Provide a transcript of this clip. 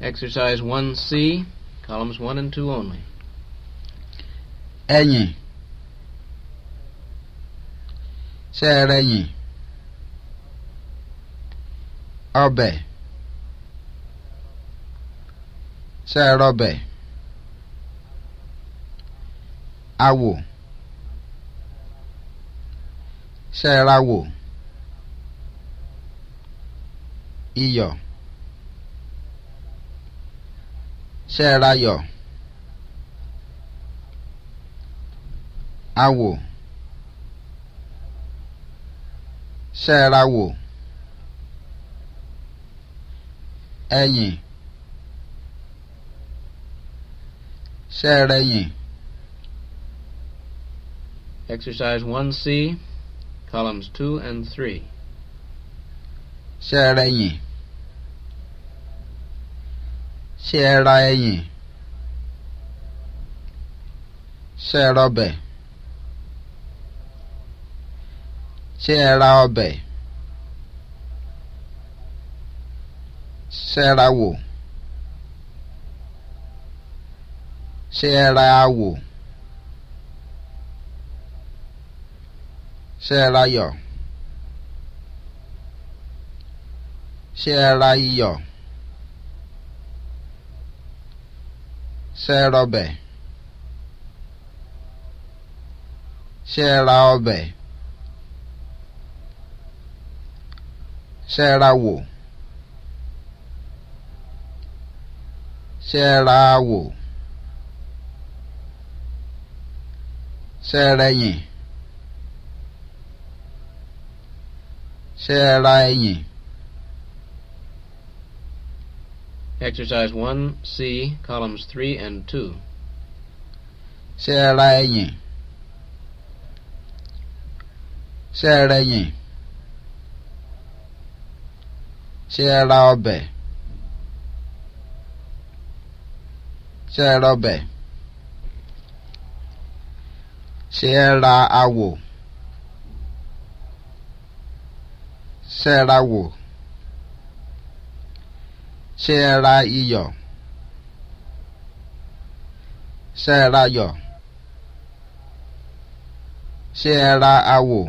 Exercise 1C, columns 1 and 2 only. Ẹ̀yìn. Sẹ́ẹ̀rẹ̀yìn. Ọbẹ̀. Sẹ́ẹ̀rọbẹ̀. Awò. Sẹ́ẹ̀rawò. Iyọ̀. ṣẹ́ẹ̀rayọ̀ awò ṣẹ́ẹ̀rawò ẹ̀yìn ṣẹ́ẹ̀rẹ̀yìn. Exercise 1C, columns 2 and 3. ṣẹ́ẹ̀rẹ̀yìn. ṣé ẹ ra ẹyìn ṣé ẹ rọbẹ̀ ṣé ẹ ra ọbẹ̀ ṣé ẹ ra wò ṣé ẹ ra awò ṣé ẹ ra yọ̀ ṣé ṣe rọbẹ̀ ṣe ra ọbẹ̀ ṣe ra wò ṣe ra wò ṣe rẹyìn ṣe ra ẹyìn. Exercise 1C, columns 3 and 2. Sẹ́ẹ̀rá ẹ̀yìn. Sẹ́ẹ̀rá ẹ̀yìn. Sẹ́ẹ̀rá ọbẹ̀. Sẹ́ẹ̀rá ọbẹ̀. Sẹ́ẹ̀rá awò. Sẹ́ẹ̀rá awò. ṣé ẹ ra iyọ̀ ṣé ẹ ra yọ̀ ṣé ẹ ra awò.